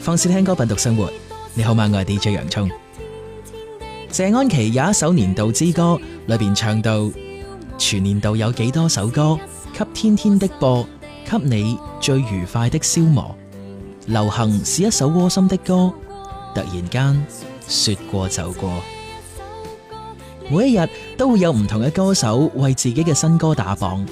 放肆聽歌，品讀生活，你好嗎？我係 DJ 洋蔥，謝安琪有一首年度之歌，裏邊唱到全年度有幾多首歌，給天天的播，給你最愉快的消磨。流行是一首窩心的歌，突然間說過就過。每一日都會有唔同嘅歌手為自己嘅新歌打榜，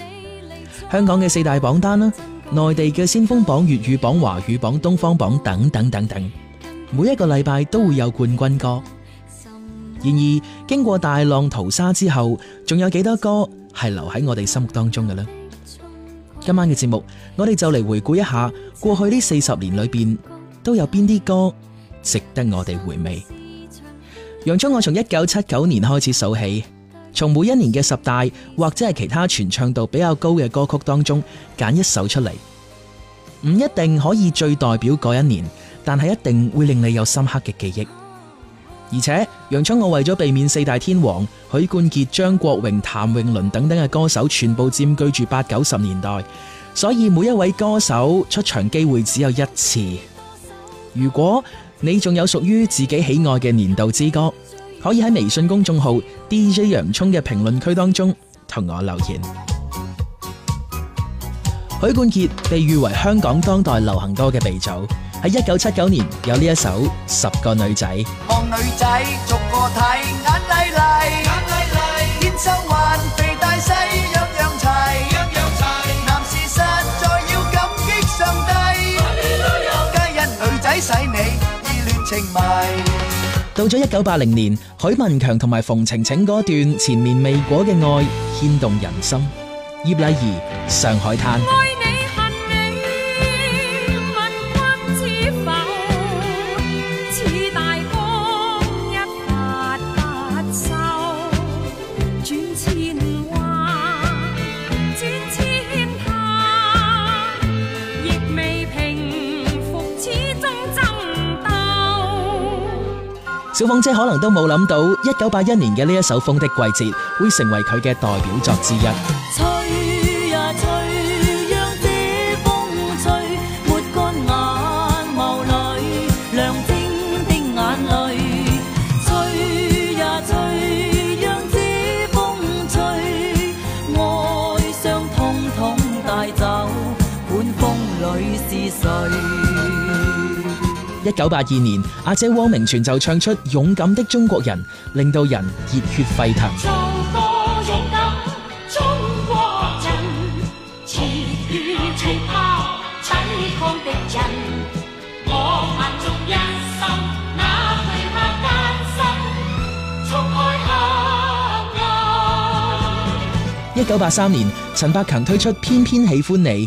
香港嘅四大榜單啦。內地嘅先鋒榜、粵語榜、華語榜、東方榜等等等等，每一個禮拜都會有冠軍歌。然而經過大浪淘沙之後，仲有幾多歌係留喺我哋心目當中嘅呢？今晚嘅節目，我哋就嚟回顧一下過去呢四十年裏邊都有邊啲歌值得我哋回味。洋蔥，我從一九七九年開始數起。從每一年嘅十大或者係其他傳唱度比較高嘅歌曲當中揀一首出嚟，唔一定可以最代表嗰一年，但係一定會令你有深刻嘅記憶。而且，楊春，我為咗避免四大天王、許冠傑、張國榮、譚詠麟等等嘅歌手全部佔據住八九十年代，所以每一位歌手出場機會只有一次。如果你仲有屬於自己喜愛嘅年度之歌。可以喺微信公眾號 DJ 洋蔥嘅評論區當中同我留言。許冠傑被譽為香港當代流行歌嘅鼻祖，喺一九七九年有呢一首《十個女仔》。到咗一九八零年，許文強同埋馮程程嗰段前面未果嘅愛牽動人心。葉麗儀《上海灘》。小鳳姐可能都冇諗到，一九八一年嘅呢一首《風的季節》會成為佢嘅代表作之一。一九八二年，阿姐汪明荃就唱出《勇敢的中國人》，令到人熱血沸騰。一九八三年，陳百強推出《偏偏喜歡你》。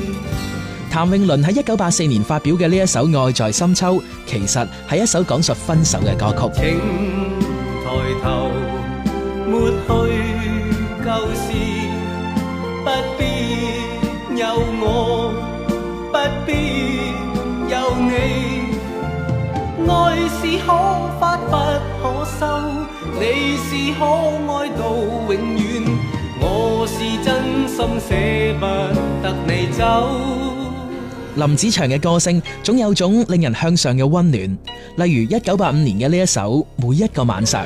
譚詠麟喺一九八四年發表嘅呢一首《愛在深秋》，其實係一首講述分手嘅歌曲。請抬頭，抹去舊事，不必有我，不必有你，愛是可發不可收，你是可愛到永遠，我是真心捨不得你走。林子祥嘅歌聲總有種令人向上嘅溫暖，例如一九八五年嘅呢一首《每一個晚上》。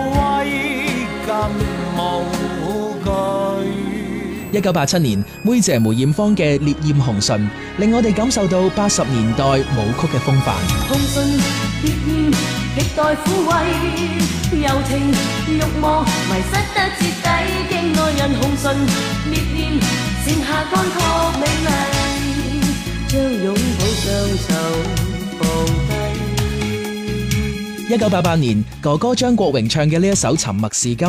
一九八七年，梅姐梅艷芳嘅《烈焰紅唇》令我哋感受到八十年代舞曲嘅風範。紅唇烈焰，期待撫慰，柔情慾望，迷失得徹底，驚愛人，紅唇烈焰，剩下乾涸，美麗將擁抱，雙手放低。一九八八年，哥哥張國榮唱嘅呢一首《沉默是金》。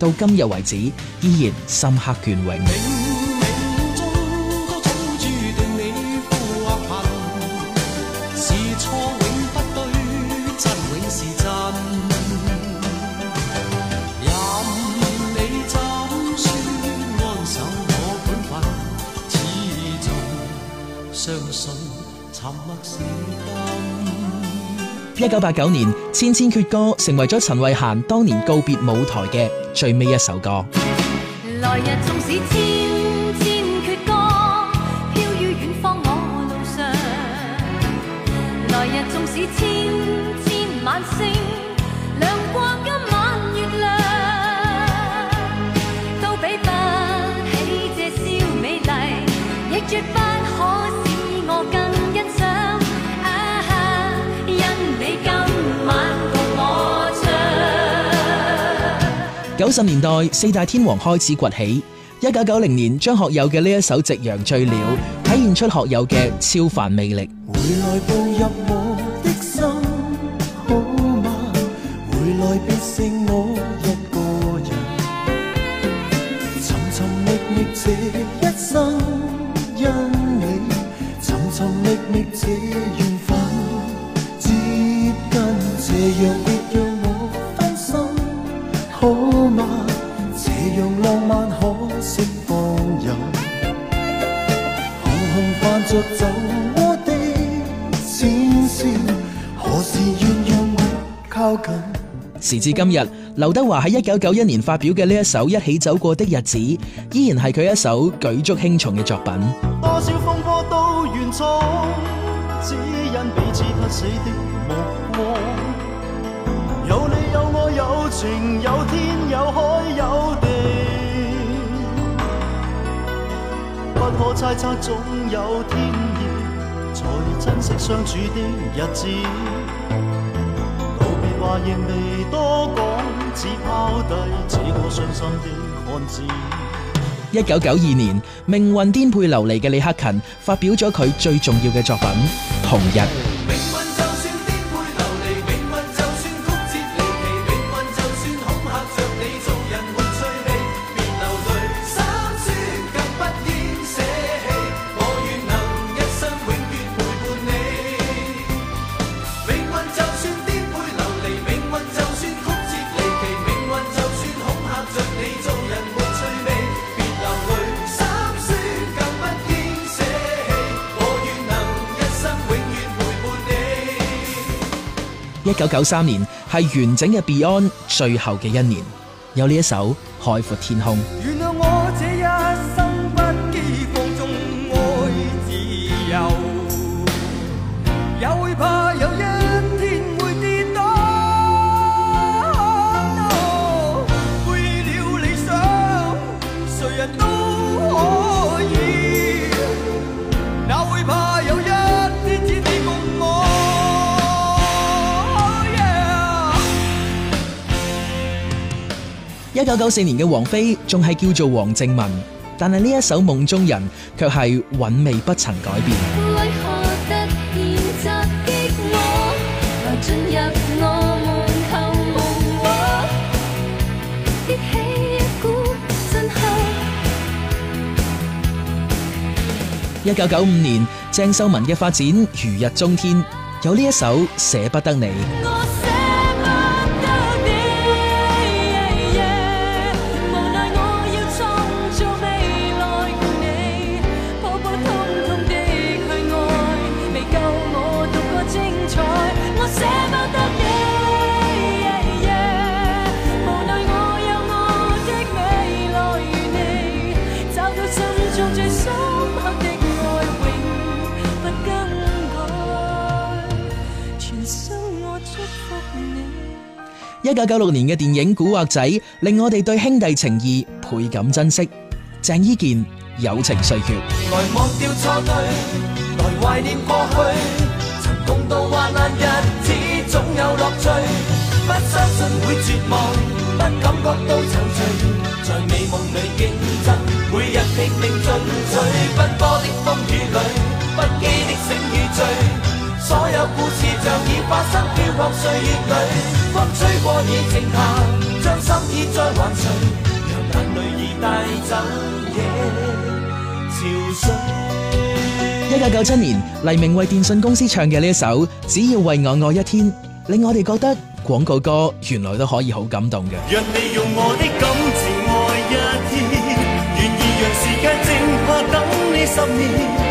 到今日為止，依然深刻雋永。是錯永不對，真永是真。任你怎說，安守我本分，始終相信，沉默是金。一九八九年。千千闕歌成為咗陳慧嫻當年告別舞台嘅最尾一首歌。九十年代四大天王開始崛起，一九九零年張學友嘅呢一首《夕陽醉了》體現出學友嘅超凡魅力。回來時至今日劉德華喺一九九一年發表嘅呢一首一起走過的日子依然係佢一首舉足輕重嘅作品多少風波都願闖只因彼此不死的目光有你有我有情有天有海有地不可猜測總有天意才珍惜相處的日子一九九二年，命運顛沛流離嘅李克勤發表咗佢最重要嘅作品《紅日》。一九九三年係完整嘅 Beyond 最後嘅一年，有呢一首《海闊天空》。一九九四年嘅王菲仲係叫做王靖雯，但係呢一首《夢中人》卻係韻味不曾改變。一九九五年，鄭秀文嘅發展如日中天，有呢一首《捨不得你》。一九九六年嘅電影《古惑仔》，令我哋對兄弟情誼倍感珍惜。鄭伊健，友情歲月。 所有故事像已發生，漂泊歲月裏，風吹過，已靜下，將心意再還誰，讓眼淚已帶走夜潮水。一九九七年黎明為電信公司唱嘅呢一首只要為我愛一天，令我哋覺得廣告歌原來都可以好感動嘅。讓你用我的感情愛一天，願意讓時間正怕等你十年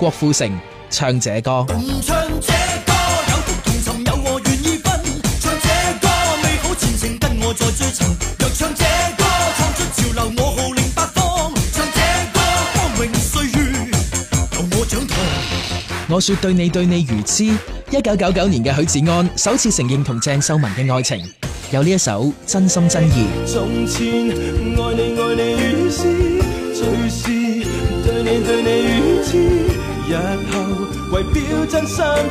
郭富城唱這歌，唱這歌有福同享，有我願意分。唱這歌美好前程，跟我再追尋。若唱這歌創出潮流，我號令八方。唱這歌光榮歲月，由我掌舵。我說對你對你如痴。一九九九年嘅許志安首次承認同鄭秀文嘅愛情，有呢一首真心真意。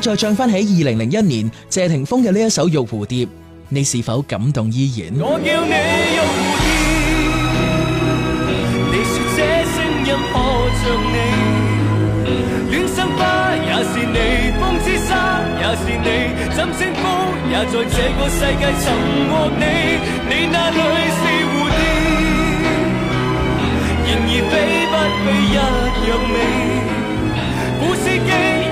再唱翻起二零零一年謝霆鋒嘅呢一首《玉蝴蝶》，你是否感動依然？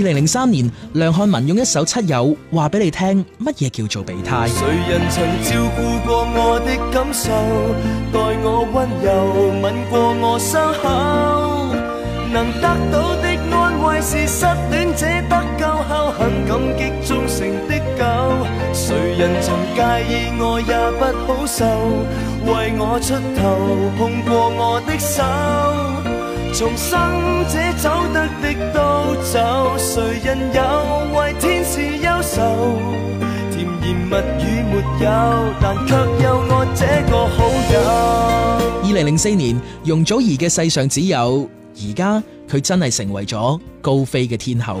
二零零三年梁漢文用一首七友，話俾你聽乜嘢叫做備胎。誰人曾照顧過我的感受，待我温柔吻過我傷口，能得到的安慰是失戀者得救後，很感激忠誠的狗。誰人曾介意我也不好受，為我出頭碰過我的手重生者走得的都走誰人有為天使憂愁甜言蜜語沒有但却有我這個好友二零零四年容祖兒嘅世上只有而家佢真係成為咗高飛嘅天後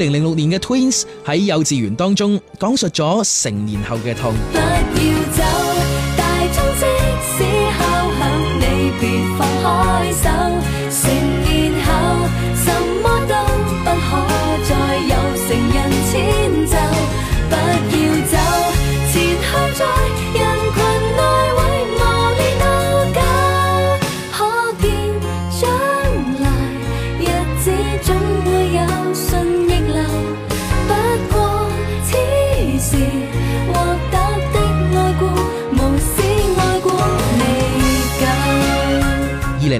二零零六年嘅 Twins 喺幼稚園當中講述咗成年後嘅痛。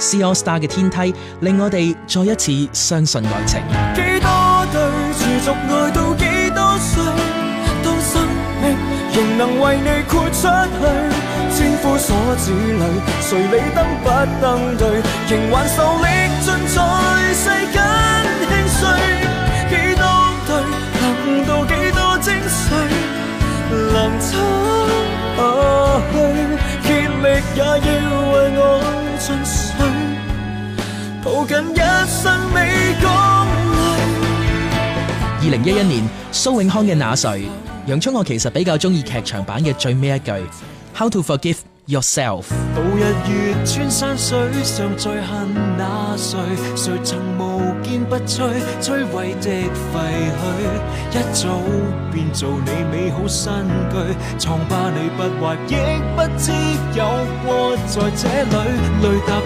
《C All Star》嘅天梯令我哋再一次相信愛情。幾多對持續愛到幾多歲，當生命仍能為你豁出去，千夫所指裡誰理登不登對里，一一年，蘇永康嘅《那誰》，楊千嬅，我其實比較中意劇場版嘅最尾一句，How to forgive yourself。渡日月，穿山水上，最恨那誰。誰曾無堅不摧，摧毀的廢墟，一早變做你美好新居，瘡疤你不悔，亦不知有過在這裡，淚答。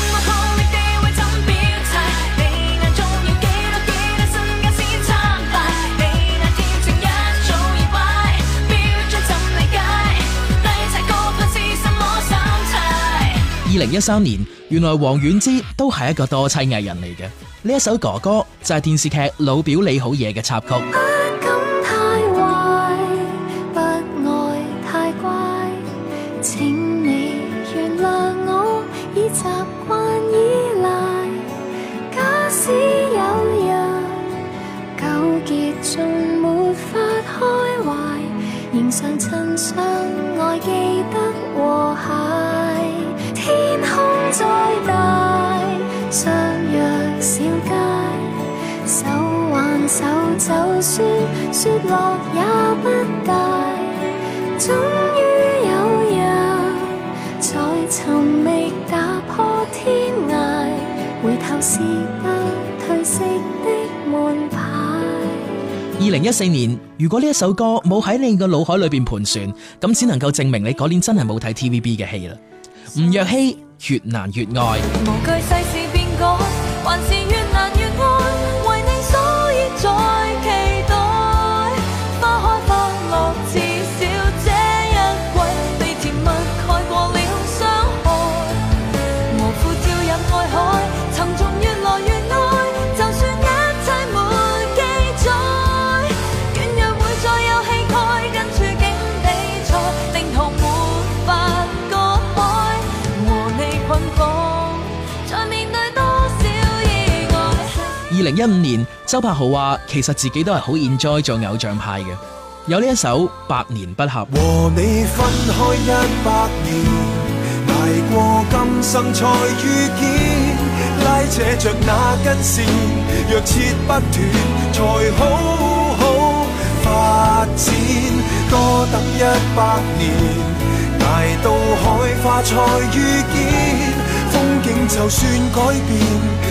二零一三年，原來王菀之都係一個多棲藝人嚟嘅。呢一首哥哥就係電視劇《老表你好嘢》嘅插曲。就算雪落也不大，終於有人在尋覓，打破天涯，回頭是不褪色的門牌。二零一四年，如果呢一首歌冇喺你個腦海裏邊盤旋，咁只能夠證明你嗰年真係冇睇 TVB 嘅戲啦。吳若希越難越愛。 一五年，周柏豪話其實自己都係好 enjoy 做偶像派嘅，有呢一首百年不合。和你分開一百年，捱過今生才遇見，拉扯着那根線，若切不斷才好好發展，多等一百年，挨到開花才遇見，風景就算改變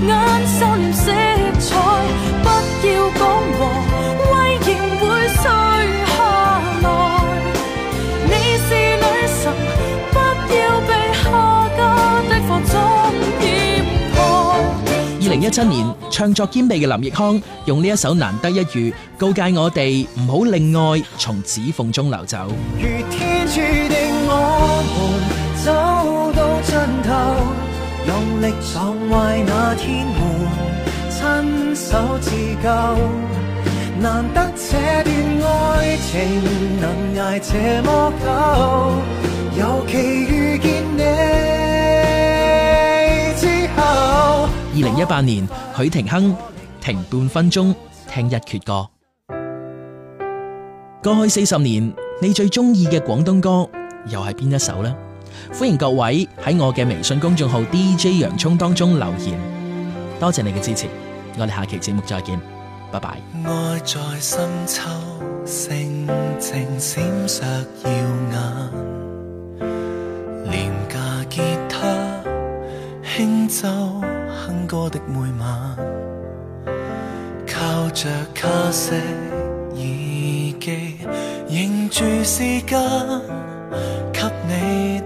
眼神色彩不要講和威嚴會碎下來你是女神，不要被下家的火中掩蓋。二零一七年，唱作兼備嘅林奕匡用呢一首難得一遇告誡我哋唔好令愛從指縫中流走。如天注定我們走到盡頭用力撞壞那天門，親手自救，難得這段愛情能捱這麼久，尤其遇見你之後。二零一八年，許廷鏗停半分鐘聽一闕歌，過去四十年，你最中意嘅廣東歌又係邊一首呢？歡迎各位喺我嘅微信公眾號 DJ 洋蔥當中留言，多謝你嘅支持，我哋下期節目再見，拜拜。愛在深秋，性情